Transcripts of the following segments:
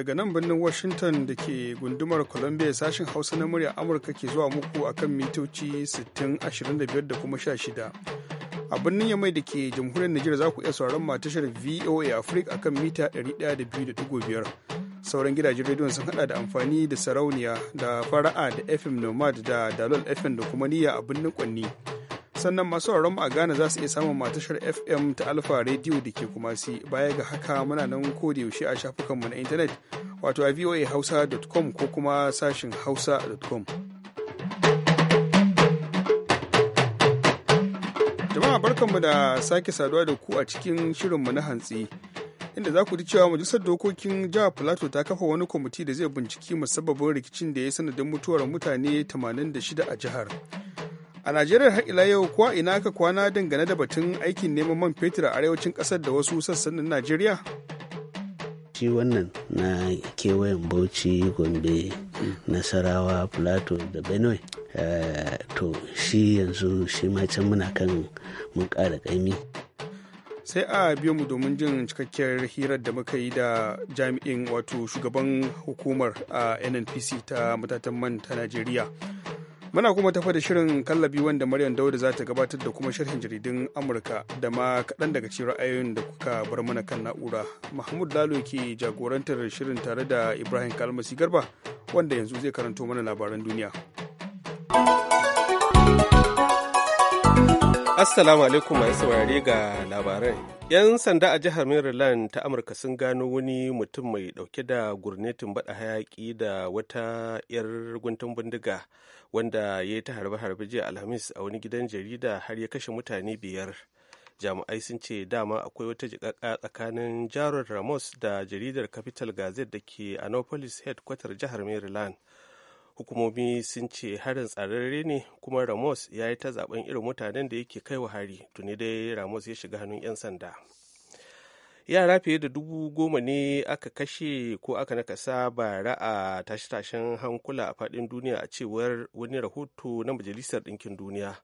daga nan birnin Washington da ke gundumar Columbia sashen Hausa na murya Amurka ke zuwa muku akan mitoci 6025 da kuma 16. A birnin Yamai da ke jamhuriyar Nijar za ku iya sauran ma tashar VOA Africa akan mita 102.5. Sauran gidajen rediyon sun hada da amfani da sarauniya da fara'a da FM Nomad da Dalol FM da kuma niyya a birnin Kwanni. sannan masu mu a Ghana za su iya samun matashar FM ta Alfa rediyo da ke kuma si baya ga haka muna nan ko da yaushe a shafukanmu na intanet wato a voahausa.com ko kuma sashin hausa.com. Jama'a barkanmu da sake saduwa da ku a cikin shirinmu na hantsi. inda za ku ji cewa majalisar dokokin jihar plateau ta kafa wani kwamiti da zai binciki musabbabin rikicin da ya sanadin mutuwar mutane 86 a jihar. a najeriya har ila yau kuwa ina aka kwana dangane da batun aikin neman man fetur a arewacin kasar da wasu sassan na najeriya shi wannan na kewayen bauchi gombe nasarawa plateau da benue eh, to shi yanzu shi can muna kan mun kara kaimi. sai a biyo mu domin jin cikakkiyar hirar da muka yi da jami'in wato shugaban hukumar a nnpc ta matatan man ta najeriya Muna kuma tafa da shirin kallabi wanda Maryam Dauda za ta gabatar da kuma sharhin jaridun Amurka da ma kaɗan daga cikin ra'ayoyin da kuka bar mana kan na'ura. Mahmud Lalo ke jagorantar shirin tare da Ibrahim Kalmasi Garba wanda yanzu zai karanto mana labaran duniya. Assalamu alaikum masu saurare ga labaran. 'Yan sanda a jihar Maryland ta Amurka sun gano wani mutum mai dauke da gurnetin bada hayaki da wata 'yar guntun bindiga wanda ya yi ta harbe-harbe jiya Alhamis a wani gidan jarida har ya kashe mutane biyar. Jami'ai sun ce dama akwai wata jikaka tsakanin Jaron Ramos da jaridar Capital Gazette da ke Annapolis headquarter jihar Maryland. hukumomi sun ce harin tsararre ne kuma ramos ya yi ta zaben irin mutanen da yake kai wa hari tuni dai ramos ya shiga hannun 'yan sanda yara fiye da dubu goma ne aka kashe ko aka nakasa bara a tashe-tashen hankula a fadin duniya a cewar wani rahoto na majalisar ɗinkin duniya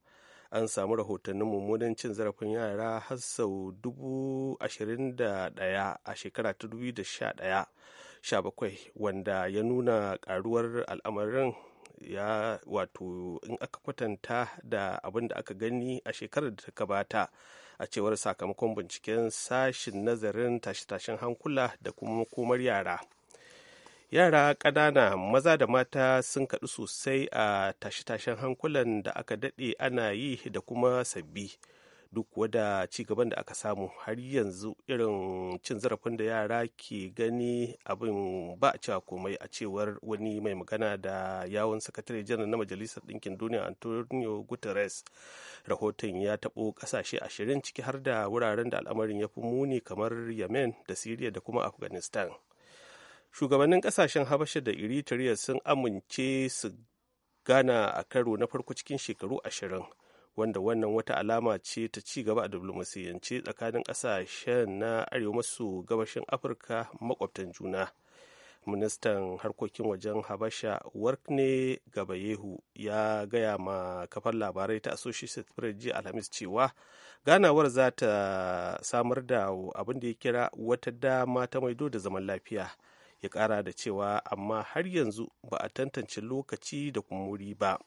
an samu rahotannin mummunan cin zarafin yara har sau dubu ashirin da ɗaya a shekara ta dubu sha ɗaya 17 wanda ya nuna karuwar al'amarin ya wato in aka kwatanta da abin da aka gani a shekarar da ta gabata a cewar sakamakon binciken sashin nazarin tashe-tashen hankula da kuma makomar yara yara ƙanana maza da mata sun kaɗu sosai a tashe-tashen hankulan da aka daɗe ana yi da kuma sabbi duk wada ci gaban da aka samu har yanzu irin cin zarafin da yara ke gani abin ba a cewa komai a cewar wani mai magana da yawon sakatare janar na majalisar ɗinkin duniya antonio guterres rahoton ya taɓo ƙasashe ashirin ciki har da wuraren da al'amarin ya fi muni kamar yemen da syria da kuma afghanistan shugabannin ƙasashen habasha da eritrea sun amince su gana a karo na farko cikin shekaru ashirin wanda wannan wata alama ce ta ci gaba a diflomasiyance tsakanin ƙasashen na arewa maso gabashin afirka makwabtan juna ministan harkokin wajen habasha warkne gabayehu ya gaya ma kafar labarai ta associated press jiya alhamis cewa ganawar za ta samar da abin da ya kira wata dama ta maido da zaman lafiya ya kara da cewa amma har yanzu ba a tantance lokaci da kuma wuri ba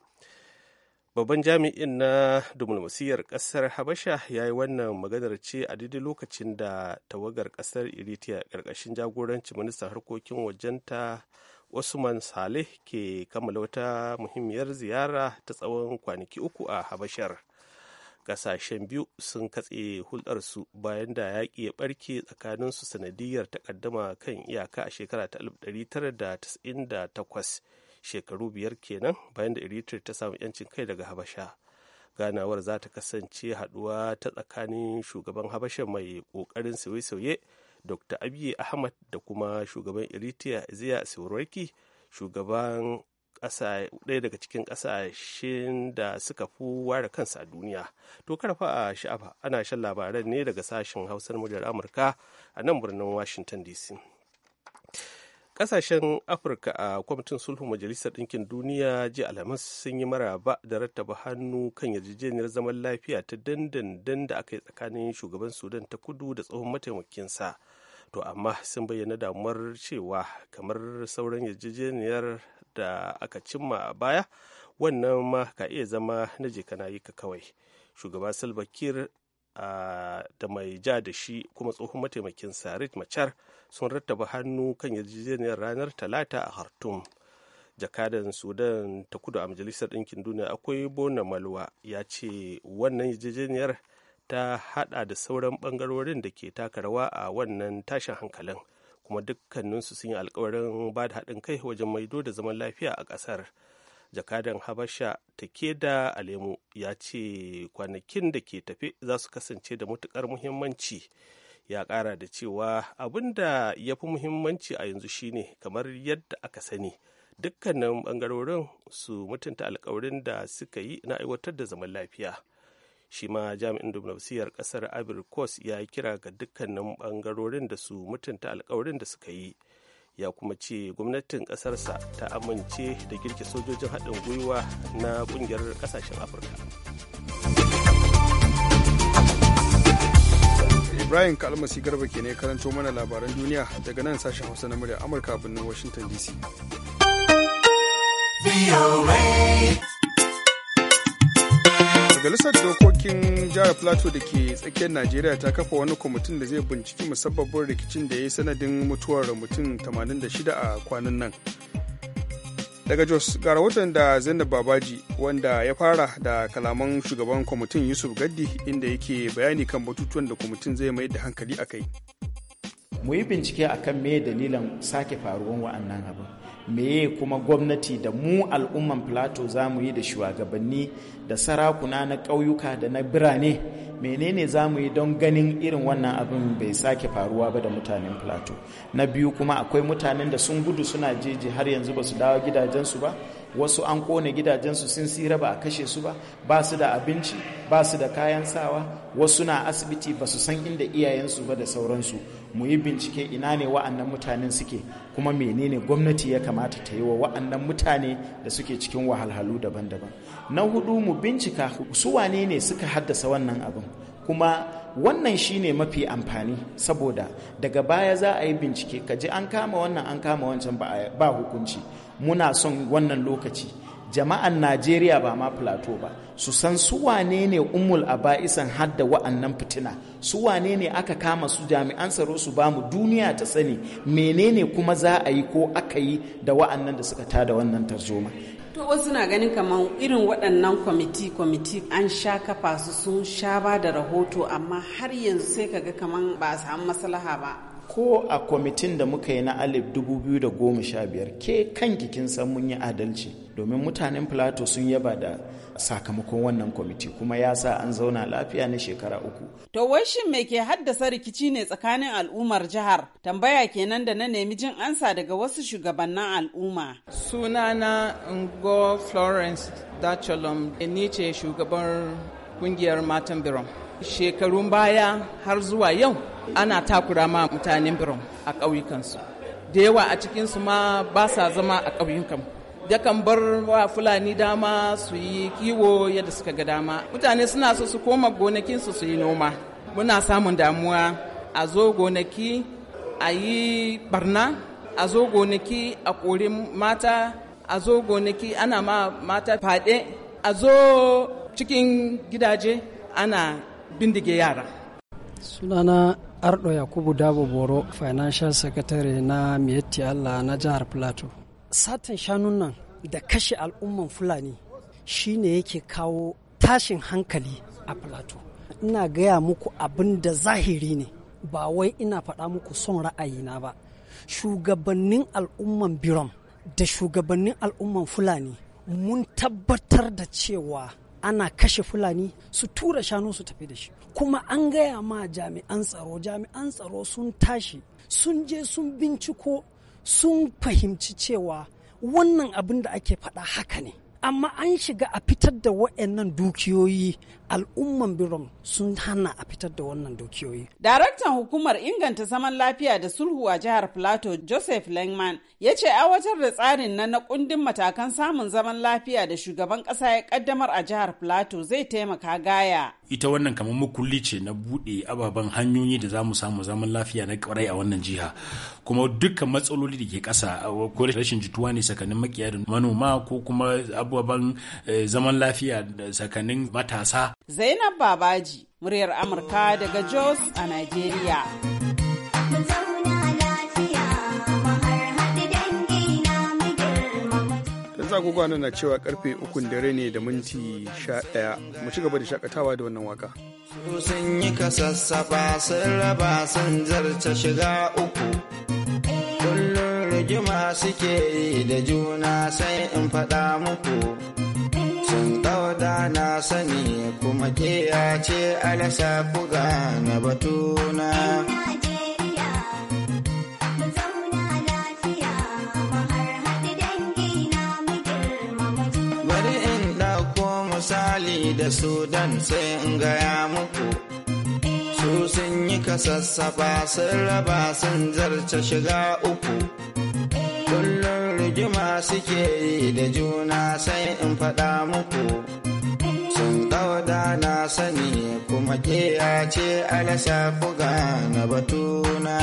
babban jami'in na diflomasiyyar ƙasar habasha ya yi wannan maganar ce a daidai lokacin da tawagar kasar eritrea ƙarƙashin jagoranci ministan harkokin wajenta usman saleh ke kammala wata muhimmiyar ziyara ta tsawon kwanaki uku a habashar kasashen biyu sun katse hulɗarsu bayan da yaƙi ya ɓarke tsakaninsu sanadiyar takaddama kan iyaka a shekara ta 1998 shekaru biyar kenan bayan da eritrea ta samu 'yancin kai daga habasha ganawar za ta kasance haduwa ta tsakanin shugaban habasha mai kokarin sauye-sauye dr abiy ahmad da kuma shugaban eritrea ziya sauraki shugaban ɗaya daga cikin ƙasashen da suka fi ware kansa a duniya to karfa a sha'afa ana shan labaran ne daga sashen hausar muryar amurka a nan birnin washington dc kasashen Afirka a kwamitin sulhun Majalisar Ɗinkin Duniya ji alhamis sun yi maraba da rattaba hannu kan yarjejeniyar zaman lafiya ta dandandan da aka yi tsakanin shugaban Sudan ta kudu da tsohon mataimakinsa. To amma sun bayyana damuwar cewa kamar sauran yarjejeniyar da aka cimma a baya wannan ma ka iya zama na je yi ka kawai. Shugaba salbakir. da mai ja da shi kuma tsohon mataimakin sarit machar sun rattaba hannu kan yarjejeniyar ranar talata a hartum jakadan sudan ta kudu a majalisar ɗinkin duniya akwai bona malwa ya ce wannan yarjejeniyar ta hada da sauran bangarorin da ke taka rawa a wannan tashin hankalin kuma dukkaninsu sun yi alkawarin ba da haɗin kai wajen maido da zaman lafiya a ƙasar. jakadan habasha take da alemu ya ce kwanakin da ke tafe za su kasance da matukar muhimmanci ya kara da cewa abin da ya fi muhimmanci a yanzu shine kamar yadda aka sani dukkanin bangarorin su mutunta alkawarin da suka yi na aiwatar da zaman lafiya shi ma jami'in diplomasiyyar kasar ivory coast ya kira ga dukkanin bangarorin da su mutunta alkawarin da suka yi ya kuma ce gwamnatin ƙasarsa ta amince da girki sojojin haɗin gwiwa na ƙungiyar ƙasashen afirka ibrahim kalmasi garba ke ne karanto mana labaran duniya daga nan sashen hausa na murya amurka birnin washington dc majalisar dokokin jihar plateau da ke tsakiyar najeriya ta kafa wani kwamitin da zai binciki musabbabin rikicin da ya yi sanadin mutuwar mutum 86 a kwanan nan daga jos ga rahoton da zainab babaji wanda ya fara da kalaman shugaban kwamitin yusuf gaddi inda yake bayani kan batutuwan da kwamitin zai mai da hankali a kai mu yi bincike akan me dalilan sake faruwan wa'annan abin meye kuma gwamnati da mu al'umman plateau za mu yi da shugabanni da sarakuna na ƙauyuka da na birane menene za mu yi don ganin irin wannan abin bai sake faruwa ba da mutanen plateau na biyu kuma akwai mutanen da sun gudu suna jeji har yanzu ba su dawo gidajensu ba wasu an kone gidajensu sun tsira ba a kashe su ba ba su da abinci ba su da kayan sawa wasu na asibiti ba su san inda iyayensu ba da sauransu mu yi bincike ina ne wa'annan mutanen suke kuma menene gwamnati ya kamata ta yi wa wa'annan mutane da suke cikin wahalhalu daban-daban na hudu mu bincika su wane ne suka haddasa wannan abin kuma wannan shine mafi amfani saboda daga baya za a yi bincike ka ji an kama wannan an kama wancan ba hukunci muna son wannan lokaci jama'an najeriya ba ma plateau ba su san su wane ne umul baisan hadda wa'annan fitina su wane ne aka kama su jami'an tsaro su ba mu duniya ta sani menene kuma za a yi ko aka yi da wa'annan da suka tada wannan tarzoma to wasu na ganin kamar irin waɗannan kwamiti kwamiti an sha kafa su sun sha ba da rahoto amma har yanzu sai ka ga kamar ba a samu maslaha ba ko a kwamitin da muka yi na alif 2015 ke kan kin san mun yi adalci domin mutanen plateau sun yaba da sakamakon wannan kwamiti kuma ya sa an zauna lafiya na shekara uku. To wai shin me ke haddasa rikici ne tsakanin al'ummar jihar? Tambaya kenan da na nemi jin ansa daga wasu shugabannin al'umma. Sunana Ngo Florence Dacholom ni ce shugaban kungiyar matan Birom. Shekarun baya har zuwa yau ana takura ma mutanen Birom a ƙauyukansu. Da yawa a cikinsu ma ba sa zama a ƙauyukanmu. yakan bar wa fulani dama su yi kiwo yadda suka ga dama mutane suna so su koma gonakinsu su yi noma muna samun damuwa a zo gonaki a yi barna a zo gonaki a kori mata a zo gonaki ana ma mata fade a zo cikin gidaje ana bindige yara sunana ardo yakubu dabo boro financial secretary na mietti allah na jihar plateau satan shanun nan da kashe al'umman fulani shine yake kawo tashin hankali a filato ina gaya muku abin da zahiri ne ba wai ina faɗa muku son ra'ayina ba shugabannin al'umman biram da shugabannin al'umman fulani mun tabbatar da cewa ana kashe fulani su tura shanu su tafi da shi kuma an gaya ma jami'an tsaro jami'an tsaro sun tashi sun je sun binciko sun fahimci cewa wannan abin da ake faɗa haka ne amma an shiga a fitar da waɗannan dukiyoyi al'umman birom sun hana a fitar da wannan dukiyoyi. Daraktan hukumar inganta zaman lafiya da sulhu a jihar Plateau Joseph Langman ya ce aiwatar da tsarin na na kundin matakan samun zaman lafiya da shugaban ƙasa ya kaddamar a jihar Plateau zai taimaka gaya. Ita wannan kamar makulli ce na buɗe ababen hanyoyi da za mu samu zaman lafiya na kwarai a wannan jiha. Kuma dukkan matsaloli da ke ƙasa ko rashin jituwa ne tsakanin makiya da manoma ko kuma ababen eh, zaman lafiya tsakanin matasa. Zainab Babaji, muryar Amurka daga Jos a Najeriya. agogo nan na cewa karfe ukun dare ne da minti sha ɗaya mu ci gaba da shakatawa da wannan waka. sun yi ba sun raba sun zarta shiga uku rigima suke yi da juna sai in faɗa muku. Sun dauda na sani kuma ke ce alasa buga na batuna. misali da sudan sai in gaya muku su sun yi kasassafa sun raba sun zarce shiga uku kullum rigima suke yi da juna sai in faɗa muku sun ɗauda na sani kuma ke ce alasa buga na batuna.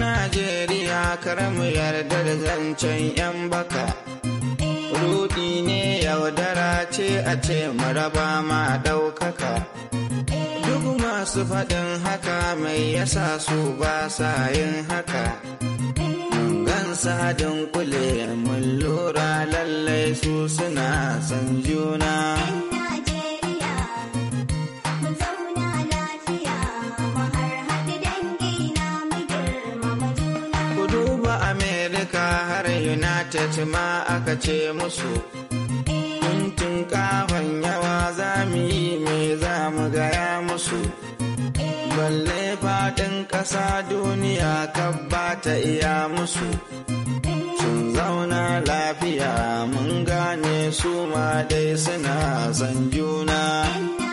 Najeriya kar mu yarda da zancen 'yan baka. rudi ne yaudara ce a ce maraba ma ɗaukaka. Duk masu faɗin haka mai yasa su ba sa yin haka. gansa sadin kule mun lura lallai su suna san juna. ta ma aka ce musu tun kafan yawa za mu yi me za mu gaya musu balle faɗin ƙasa duniya kabba ta iya musu sun zauna lafiya mun gane su ma dai suna san juna.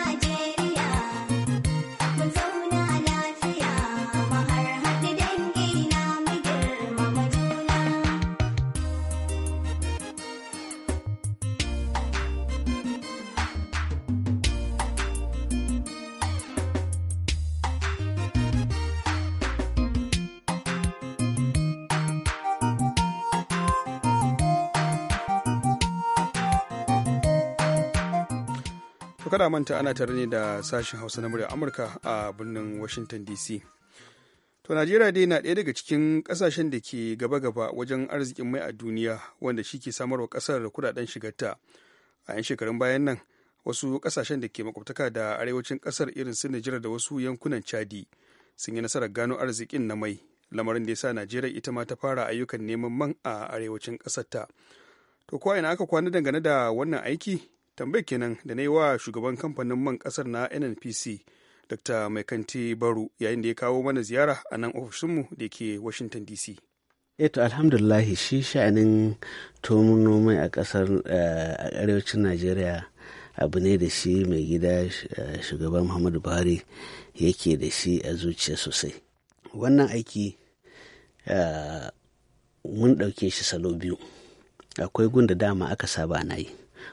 kada manta ana tare ne da sashen hausa na murya amurka a birnin washington dc to najeriya dai na ɗaya daga cikin ƙasashen da ke gaba-gaba wajen arzikin mai a duniya wanda shi ke samarwa ƙasar kudaden shigarta a 'yan shekarun bayan nan wasu ƙasashen da ke makwabtaka da arewacin ƙasar irin su najeriya da wasu yankunan chadi sun yi nasarar gano arzikin na mai lamarin da ya sa najeriya ita ma ta fara ayyukan neman man a arewacin ƙasar ta to ko ina aka kwana dangane da wannan aiki tambayi kenan da na yi wa shugaban kamfanin man kasar na nnpc dr maikanti baru yayin da ya kawo mana ziyara a nan ofishinmu da ke washington dc eto eh alhamdulahi shi sha'anin tomin noma a kasar eh, a arewacin najeriya abu ne da shi mai gida eh, shugaban muhammadu buhari yake da shi a zuciya sosai wannan aiki mun ɗauke shi salo biyu akwai gun da dama aka saba na yi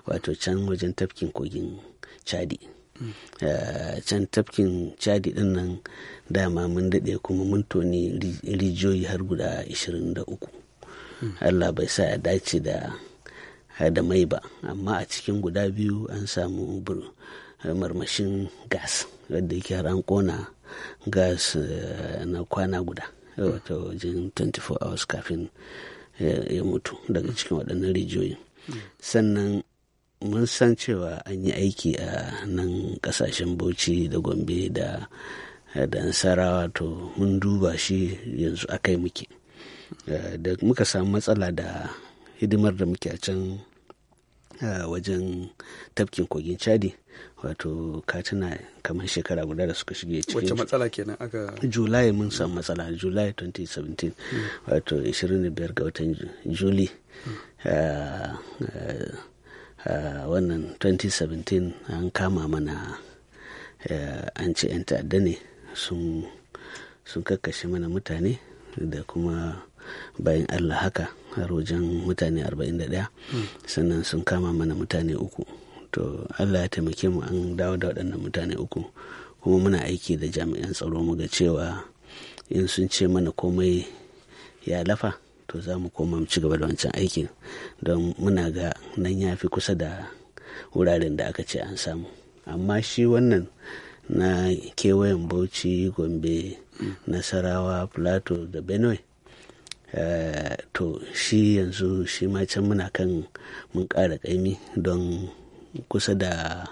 wato can wajen tafkin kogin chadi eh, can tafkin chadi din nan dama mun daɗe kuma mun toni rijiyoyi har guda 23 allah bai sa ya dace da da mai ba amma a cikin guda biyu an samu marmashin gas wadda yake har an kona gas eh, na kwana guda wato wajen 24 hours kafin eh, ya mutu daga cikin waɗannan rijiyoyi sannan mun san cewa an yi aiki a nan kasashen bauchi da gombe da da wato to mun duba shi yanzu akai muke eh, da muka samu matsala da hidimar da muke a can wajen tafkin kogin chadi wato katina kamar shekara guda da suka shige cikin wacce matsala kenan aka julai mun samu matsala julai 2017 hmm. wato 25 ga watan juli hmm. eh, eh, a ah, wannan 2017 an kama mana eh, an ce 'yan ta'adda ne sun kakkashe mana mutane da kuma bayan allah haka har wajen mutane 41 sannan sun kama mana mutane uku to allah ya taimake mu an dawo da waɗannan mutane uku kuma muna aiki da jami'an tsaro muga cewa in sun ce mana komai ya lafa to za mu koma mu ci gaba da wancan aikin don muna ga nan ya fi kusa da wuraren da aka ce an samu amma shi wannan na kewayen bauchi gombe nasarawa plateau da benue Uh, to shi yanzu shi ma can muna kan mun ƙara ƙaimi don kusa da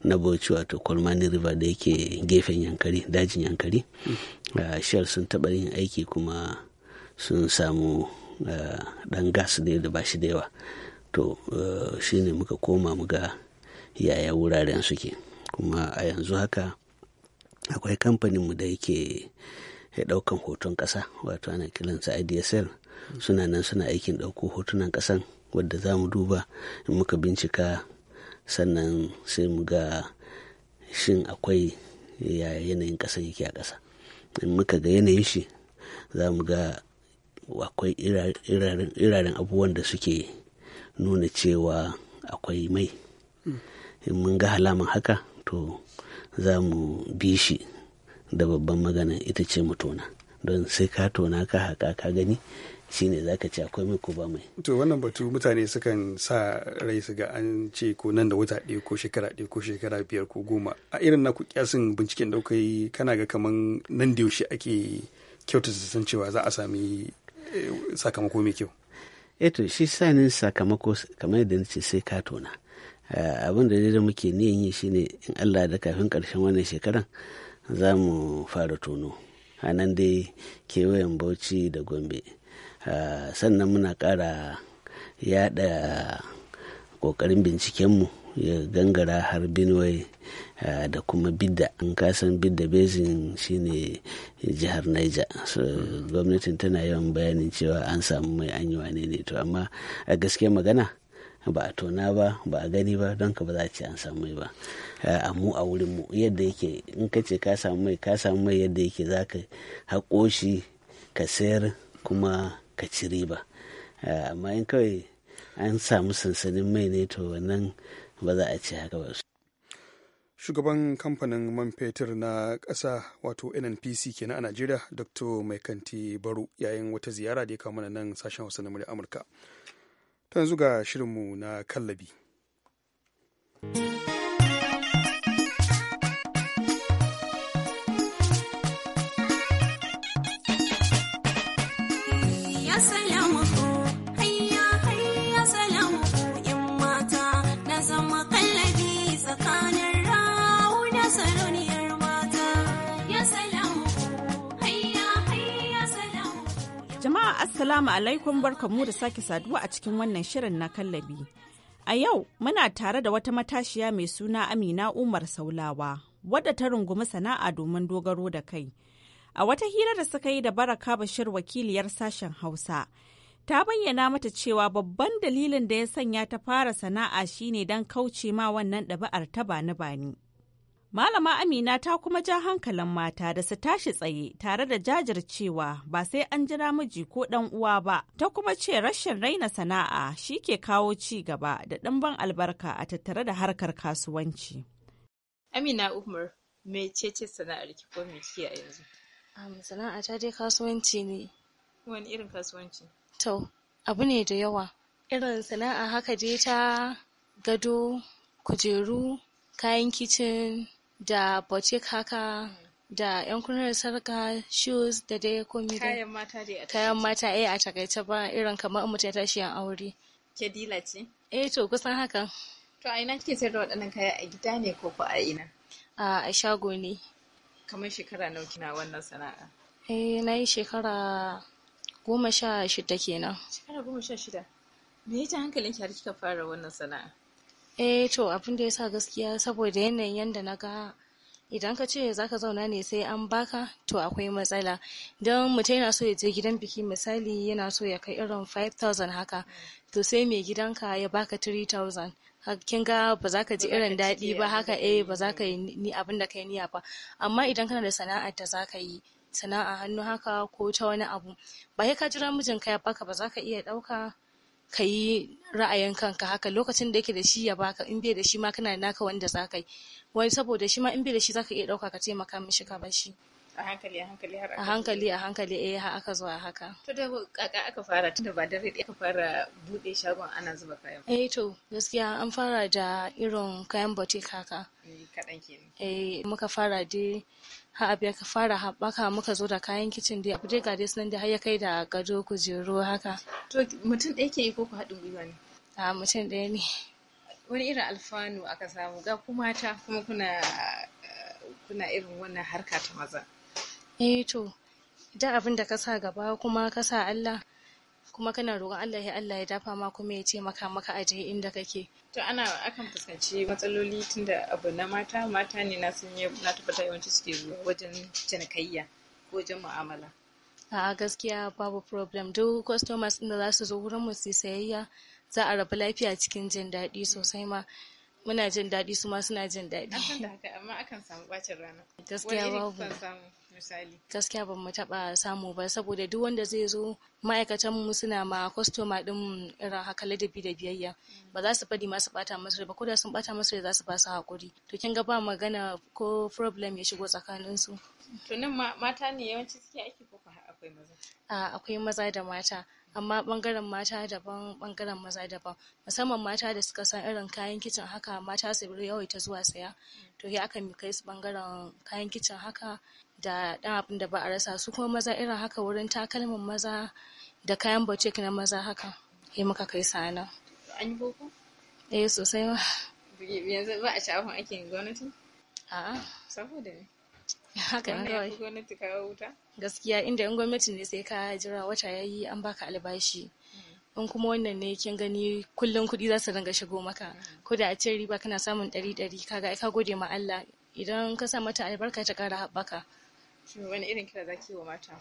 na bauchi wato kolmani river da yake gefen yankari dajin yankari mm. sun taɓa yin aiki kuma sun samu eh, ɗan gas ne da bashi da yawa to eh, shine muka koma muga yaya wuraren suke kuma a yanzu haka akwai kamfaninmu da yake ɗaukan hoton ƙasa wato ana kiransa idsl suna nan suna aikin ɗauko hotunan ƙasan wadda za mu duba in muka bincika sannan sai mu ga shin akwai yanayin ƙasan yake a ƙasa in muka ga yanayin shi za mu ga akwai iraren abubuwan da suke nuna cewa akwai mai in mun ga halaman haka to za mu bi shi da babban magana ita ce mu tona don sai ka tona ka haka ka gani shi ne za ka ce akwai mai ko ba mai to wannan batu mutane sukan sa rai su ga an ce ko nan da wata ɗaya ko shekara ɗaya ko shekara biyar ko goma a irin na kyasin binciken da kana ga kaman nan da yaushe ake kyautata san cewa za a sami sakamako mai kyau eto eh shi sanin sakamako kamar yadda nace sai ka tona eh, abin da da muke niyan yi shine in Allah da kafin karshen wannan shekaran za mu fara tono a nan dai kewayen bauchi da gombe eh, sannan muna kara yada ƙoƙarin bincikenmu ya gangara har benue da kuma bidda an kasan bidda basin shine jihar niger so gwamnatin tana yawan bayanin cewa an samu mai anyi wane ne to amma a gaske magana ba a tona ba ba a gani ba don ka ba za a ce an samu mai ba a mu a wurin mu yadda yake in ka ce ka samu mai ka samu mai yadda yake za ka haƙo shi ka sayar kuma ka ci ba amma in kawai an samu sansanin mai ne to wannan ba za a ce haka ba shugaban kamfanin man fetur na ƙasa wato nnpc kenan a najeriya dr maikanti baro yayin wata ziyara da ya kawo mana nan sashen hausa na murya amurka ta yanzu ga shirinmu na kallabi Assalamu alaikum barkamu da sake saduwa a cikin wannan shirin na kallabi. A yau muna tare da wata matashiya mai suna Amina Umar Saulawa wadda ta rungumi sana'a domin dogaro da kai. A wata hira da suka yi da Baraka Bashir wakiliyar sashen Hausa. Ta bayyana mata cewa babban dalilin da ya sanya ta fara sana'a shine don kauce ma wannan ɗabi'ar ta bani bani. Malama Amina ta kuma ja hankalin mata da su tashi tsaye tare da jajircewa ba sai an jira miji ko ɗan uwa ba, ta kuma ce rashin raina sana'a shi ke kawo ci gaba da ɗimban albarka a tattare da harkar kasuwanci. Amina Umar, me ce sana'ar ki ko me a yanzu? sana'a ta dai kasuwanci ne. Wani irin kasuwanci? To, abu ne da yawa. Irin sana'a haka dai ta gado, kujeru, kayan kicin, da boutique haka da kunar sarka shoes da dai komai kayan mata dai kayan mata eh a takaice ba irin kamar mutum ya tashi yan aure ke dila ce eh to kusan haka to a ina kike sayar da waɗannan kaya a gida ne ko ko a ina a shago ne kamar shekara nawa kina wannan sana'a eh na yi shekara goma sha shida kenan shekara goma sha shida me yasa hankalinki har kika fara wannan sana'a Eh to abin da ya sa gaskiya saboda yanayin yadda na ga idan ka ce za ka zauna ne sai an baka to akwai matsala don mutum yana so ya je gidan biki misali yana so ya kai irin 5,000 haka to sai mai gidanka ya baka 3,000 kin ga ba za ka ji irin daɗi ba haka eh ba za ka yi ni abin da ka yi niyya ba amma idan kana da sana'a ta za ka yi sana'a hannu haka ko ta wani abu ba ka jira mijinka ya baka ba za ka iya ɗauka ka yi ra'ayin kanka haka lokacin da yake da shi ya baka in bai da shi ma kana naka wanda za ka yi wani saboda shi ma in bai da shi za ka iya ɗauka ka taimaka mishi ka bashi a hankali a hankali har a hankali a hankali eh har aka zuwa haka to da kaka aka fara tunda ba dare ɗaya aka fara bude shagon ana zuba kayan eh to gaskiya an fara da irin kayan boutique haka eh kaɗan kenan eh muka fara dai har abu ya fara haɓaka muka zo da kayan kicin dai abu dai ga dai sunan da har ya kai da gado kujeru haka to mutum ɗaya ke yi ko ku haɗin gwiwa ne a mutum ɗaya ne wani irin alfanu aka samu ga ku mata kuma kuna kuna irin wannan harka ta maza eh to da abin da ka sa gaba kuma ka sa Allah kuma kana roƙon Allah ya Allah ya dafa ma kuma ya ce maka maka a je inda kake to ana akan fuskanci matsaloli tunda abu na mata mata ne na sun na tabbata yawanci suke zuwa wajen cinikayya ko wajen mu'amala a gaskiya babu problem duk customers da za su zo wurin mu su sayayya za a rabu lafiya cikin jin daɗi sosai ma muna jin daɗi su ma suna jin daɗi an san da haka amma akan samu ɓacin rana gaskiya babu gaskiya ban mu taba samu ba saboda duk wanda zai zo ma'aikatan mu suna ma kwastoma din irin haka ladabi da biyayya ba za su fadi masu bata masu ba ko da sun bata masu za su ba su hakuri to kin ga ba magana ko problem ya shigo tsakanin su to nan mata ne yawanci suke aiki ko akwai maza akwai maza da mata amma bangaren mata daban bangaren maza daban musamman mata da suka san irin kayan kicin haka mata su yawaita zuwa saya to ya akan kai su bangaren kayan kicin haka da ɗan abin da ba a rasa su kuma maza irin haka wurin takalmin maza da kayan boutique na maza haka ya muka kai sana an yi boko eh sosai ma yanzu ba a shafin ake gwamnati a saboda ne haka ne kawai gwamnati kawo wuta gaskiya inda yan gwamnati ne sai ka jira wata ya yi an baka albashi mm. in kuma wannan ne kin gani kullum kuɗi za su dinga shigo maka mm. ko da a ce riba kana samun ɗari ɗari kaga ai ka gode ma Allah idan ka sa mata albarka ta ƙara haɓaka Shin wani irin kira zaki wa mata?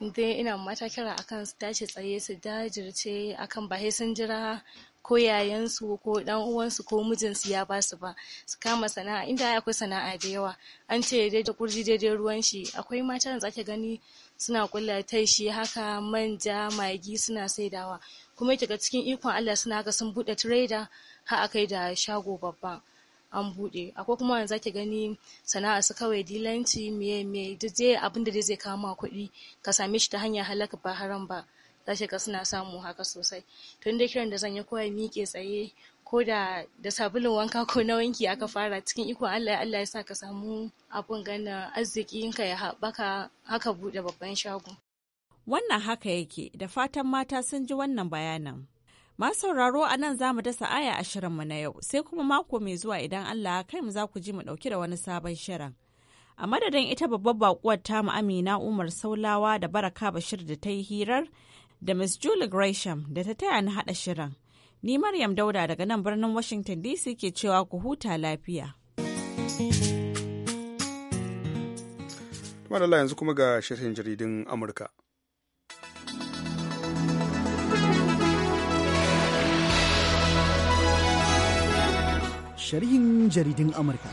Dai ina mata kira akan su tashi tsaye su dajirce akan ba sun jira ko yayansu ko dan uwansu ko mijinsu ya ba su ba su kama sana'a inda akwai sana'a da yawa an ce daidai kurji daidai ruwan shi akwai mata da zaki gani suna kulla tai shi haka manja magi suna saidawa kuma kiga cikin ikon Allah suna ga sun bude trader har akai da shago babba an buɗe akwai kuma wanda zaki gani sana'a su kawai dilanci miye miye duk dai abin da zai kawo ma kuɗi ka same shi ta hanyar halaka ba haram ba za ka suna samu haka sosai tun inda kiran da zan yi kawai miƙe tsaye ko da da sabulun wanka ko na wanki aka fara cikin ikon Allah Allah ya sa ka samu abun gana arzikin ka ya haɓaka haka buɗe babban shago wannan haka yake da fatan mata sun ji wannan bayanan Masu sauraro a nan za mu dasa aya ashirin mu na yau sai kuma mako mai zuwa idan Allah kai mu za ku ji mu ɗauki da wani sabon shirin. A madadin ita babbar bakuwar tamu Amina Umar Saulawa da Baraka Bashir da ta yi hirar da Miss Julie Gresham da ta taya ni haɗa shirin. Ni Maryam Dauda daga nan birnin Washington DC ke cewa ku huta lafiya. Madalla yanzu kuma ga shirin jaridun Amurka. sharhin jaridin Amurka.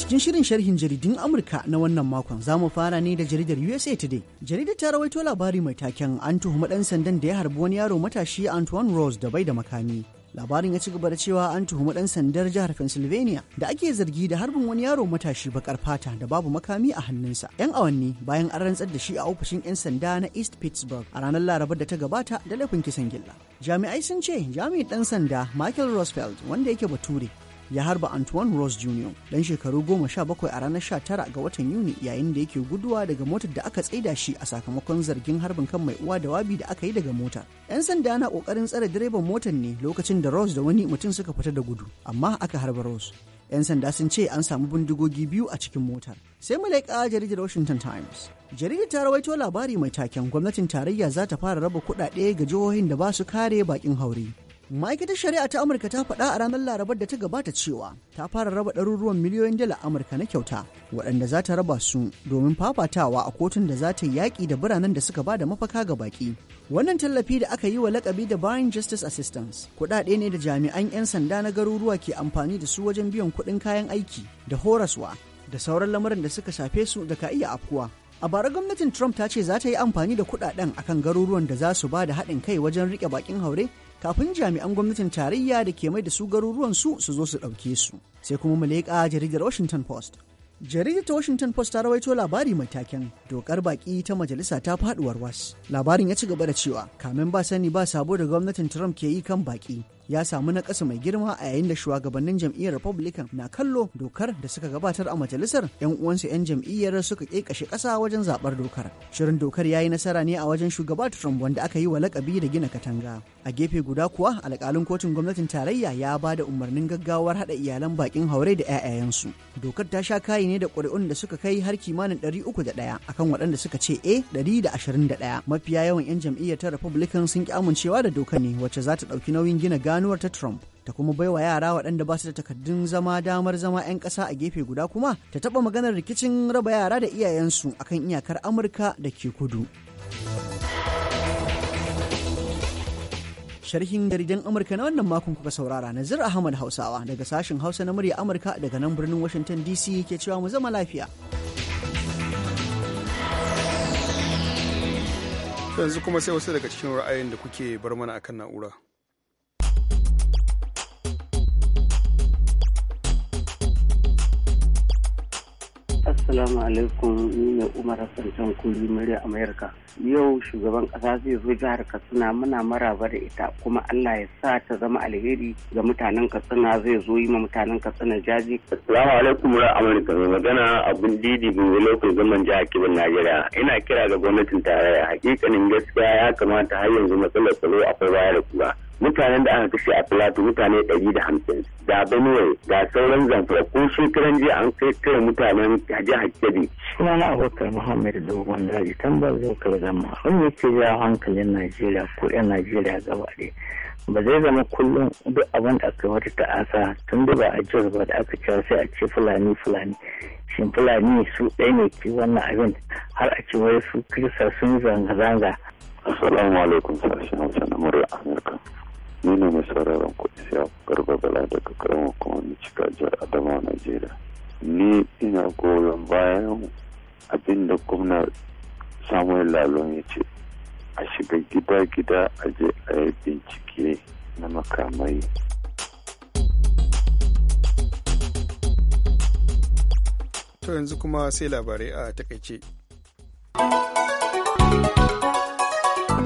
cikin shirin sharhin jaridun Amurka na wannan makon za mu fara ne da jaridar USA Today. Jaridar ta rawaito labari mai taken an tuhumi ɗan sandan da ya harbi wani yaro matashi Antoine Rose da bai da makami. labarin ya ci gaba da cewa an tuhumi dan sandar jihar pennsylvania da ake zargi da harbin wani yaro matashi bakar fata da babu makami a hannunsa yan awanni bayan an rantsar da shi a ofishin yan sanda na east pittsburgh a ranar larabar da ta gabata da laifin kisan gilla jami'ai sun ce jami'in dan sanda michael rosfeld wanda yake bature ya harba Antoine Ross Jr. dan shekaru goma sha bakwai a ranar sha tara ga watan Yuni yayin da yake guduwa daga motar da aka tsaida shi a sakamakon zargin harbin kan mai uwa da wabi da aka yi daga motar. 'Yan sanda na kokarin tsare direban motar ne lokacin da Ross da wani mutum suka fita da gudu amma aka harba Ross. 'yan sanda sun ce an samu bindigogi biyu a cikin motar sai mu laika jaridar washington times jaridar ta rawaito labari mai taken gwamnatin tarayya za ta fara raba kuɗaɗe ga jihohin da ba su kare bakin haure ma'aikatar shari'a ta amurka ta faɗa a ranar larabar da ta gabata cewa ta fara raba ɗaruruwan miliyoyin dala amurka na kyauta waɗanda za ta raba su domin fafatawa a kotun da za ta yi yaƙi da biranen da suka ba da mafaka ga baƙi wannan tallafi da aka yi wa lakabi da bayan justice assistance kuɗaɗe ne da jami'an 'yan sanda na garuruwa ke amfani da su wajen biyan kuɗin kayan aiki da horaswa da sauran lamarin da suka shafe su da ka iya afkuwa A bara gwamnatin Trump ta ce za ta yi amfani da kuɗaɗen akan garuruwan da za su ba da haɗin kai wajen riƙe baƙin haure kafin jami'an gwamnatin tarayya da ke mai da su garuruwan su su zo su ɗauke su sai kuma mu leƙa jaridar washington post jaridar ta washington post ta rawaito labari mai taken dokar baki ta majalisa ta faduwar was labarin ya ci gaba da cewa kamin ba sani ba sabo da gwamnatin trump ke yi kan baki ya samu nakasa mai girma a yayin da shugabannin jam'iyyar republican na kallo dokar da suka gabatar a majalisar 'yan uwansu 'yan jam'iyyar suka ƙeƙashe ƙasa wajen zaɓar dokar shirin dokar ya yi nasara ne a wajen shugaba trump wanda aka yi wa lakabi da gina katanga a gefe guda kuwa alƙalin kotun gwamnatin tarayya ya ba da umarnin gaggawar haɗa iyalan baƙin haure da 'ya'yayansu dokar ta sha kayi ne da ƙuri'un da suka kai har kimanin 301 akan waɗanda suka ce e eh, 121 mafiya yawan 'yan jam'iyyar ta republican sun ki amincewa da dokar ne wacce za ta ɗauki nauyin gina gano ganuwar ta Trump ta kuma baiwa yara waɗanda ba su da takardun zama damar zama 'yan ƙasa a gefe guda kuma ta taɓa maganar rikicin raba yara da iyayensu akan iyakar Amurka da ke kudu. Sharhin jaridan Amurka na wannan makon kuka saurara Nazir Ahmad Hausawa daga sashen Hausa na murya Amurka daga nan birnin Washington DC ke cewa mu zama lafiya. yanzu kuma sai wasu daga cikin ra'ayin da kuke bar mana akan na'ura. Assalamu alaikum ni ne Umar Hassan Tankuri murya Amerika. Yau shugaban ƙasa zai zo jihar Katsina muna maraba da ita kuma Allah ya sa ta zama alheri ga mutanen Katsina zai zo yi ma mutanen Katsina jaji. Assalamu alaikum murya Amerika mai magana abun didi bin lokacin zaman jihar Kebbi Najeriya. Ina kira ga gwamnatin tarayya hakikanin gaskiya ya kamata har yanzu matsalar tsaro akwai baya da kula. mutanen da aka kashe a plateau mutane ɗari da hamsin da benue da sauran zamfara ko kiran jiya an kai kai mutanen haji hakkabi. sunana abubakar muhammed dogon daji tambar zokar zama wani yake ja hankalin najeriya ko yan najeriya gaba ɗaya ba zai zama kullum duk abin da aka wata ta'asa tun da ba a jiya ba da aka cewa sai a ce fulani fulani shin fulani su ɗaya ne ke wannan abin har a ce wai su kirista sun zanga-zanga. Assalamu alaikum sashen Hausa na murya Amurka. nuna ne mai sauraron kuɗi sai garba bala daga karamar kwanan cika jihar adama najeriya ni ina goyon bayan abin da gwamna samuel lalon ya ce a shiga gida-gida a je a yi bincike na makamai to yanzu kuma sai labarai a takaice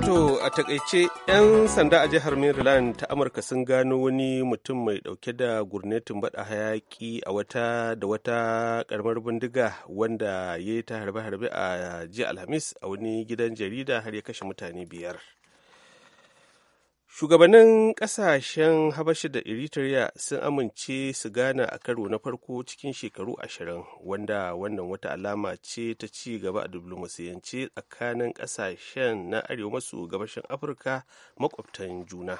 To a takaice 'yan sanda a jihar Maryland ta Amurka sun gano wani mutum mai dauke da gurnetin bada hayaki a wata da wata karamar bindiga wanda ya yi ta harbe-harbe a jiya Alhamis a wani gidan jarida har ya kashe mutane biyar. shugabannin kasashen habasha da eritrea sun amince su gana a karo na farko cikin shekaru ashirin wanda wannan wata alama ce ta ci gaba a diflomasiyance tsakanin kasashen na arewa maso gabashin afirka makwabtan juna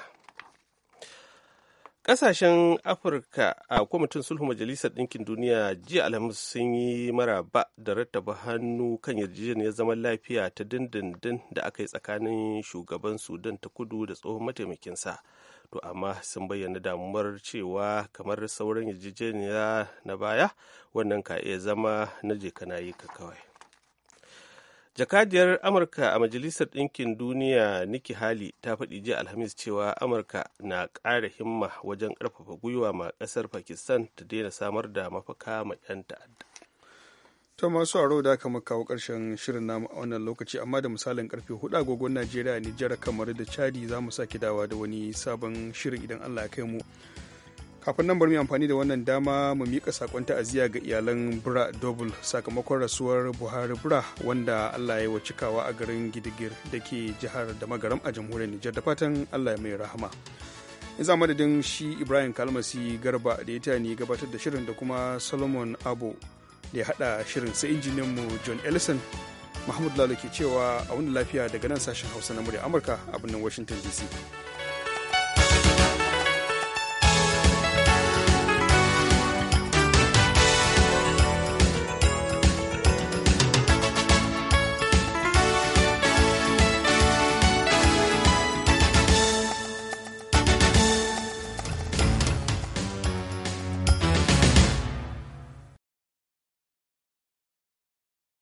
Ƙasashen Afirka a kwamitin sulhu majalisar ɗinkin duniya jiya alhamis sun yi maraba da rattaba hannu kan yarjejeniyar zaman lafiya ta dindindin da aka yi tsakanin shugaban Sudan ta kudu da tsohon mataimakinsa. To amma sun bayyana damuwar cewa kamar sauran yarjejeniya na baya wannan ka iya zama na je yi ka kawai. jakadiyar amurka a majalisar ɗinkin duniya nikki hali ta faɗi jiya alhamis cewa amurka na ƙara himma wajen ƙarfafa gwiwa ma ƙasar pakistan ta daina samar da mafaka ma 'yan ta'adda ta masu aro da aka kawo ƙarshen shirin namu a wannan lokaci amma da misalin karfe hudu agogon najeriya nijar kamar da chadi za mu sake dawa da wani sabon shirin idan allah ya kai mu kafin nan bari mu amfani da wannan dama mu miƙa sakon ta'aziyya ga iyalan bra double sakamakon rasuwar buhari bra wanda allah ya wacikawa a garin gidigir da ke jihar da magaram a jamhuriyar nijar da fatan allah ya mai rahama in za madadin shi ibrahim kalmasi garba da ya tani gabatar da shirin da kuma solomon abu da ya hada shirin sai injiniyan mu john ellison mahmud lalo ke cewa a wani lafiya daga nan sashen hausa na murya amurka a birnin washington dc